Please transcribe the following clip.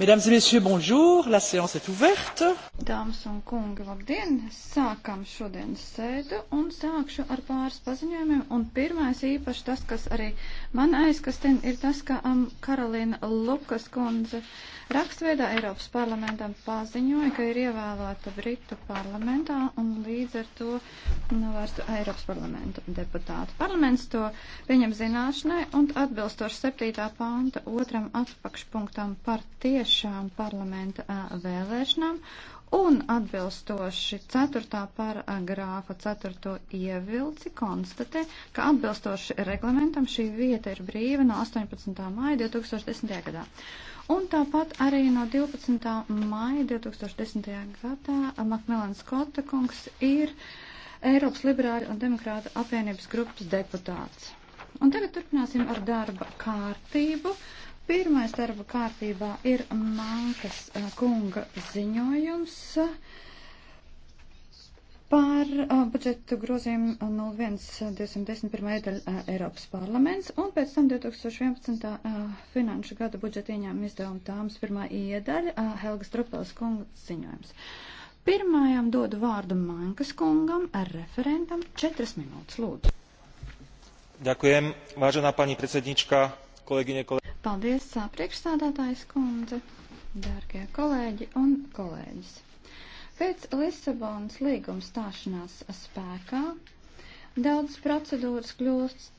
Mesdames et messieurs, bonjour, la séance est ouverte. Dāmas un kungi, labdien! Sākam šodienas sēdu un sākšu ar pāris paziņojumiem. Un pirmais īpaši tas, kas arī man aizkastina, ir tas, ka um, Karolina Lukas kundze rakstveidā Eiropas parlamentam paziņoja, ka ir ievēlēta Britu parlamentā un līdz ar to novērstu Eiropas parlamenta deputātu. Parlaments to viņam zināšanai un atbilstoši 7. panta otram atpakšpunktam par tieši tiešām parlamenta vēlēšanām un atbilstoši 4. paragrāfa 4. ievilci konstatē, ka atbilstoši reglamentam šī vieta ir brīva no 18. maija 2010. gadā. Un tāpat arī no 12. maija 2010. gadā Makmelans Skota kungs ir Eiropas Liberāļu un Demokrāta apvienības grupas deputāts. Un tagad turpināsim ar darba kārtību. Pirmais darba kārtībā ir Mankas kunga ziņojums par budžetu grozījumu 01.211. daļa Eiropas parlaments un pēc tam 2011. finanšu gada budžeta ieņēmuma izdevuma tāmas pirmā iedaļa Helgas Trupels kunga ziņojums. Pirmajam dodu vārdu Mankas kungam ar referentam 4 minūtes lūdzu. Ďakujem, vážená pani predsednička, kolegyne, kolegyne. Paldies, priekšstādātājs kundze, dārgie kolēģi un kolēģis. Pēc Lisabonas līguma stāšanās spēkā daudz procedūras kļūst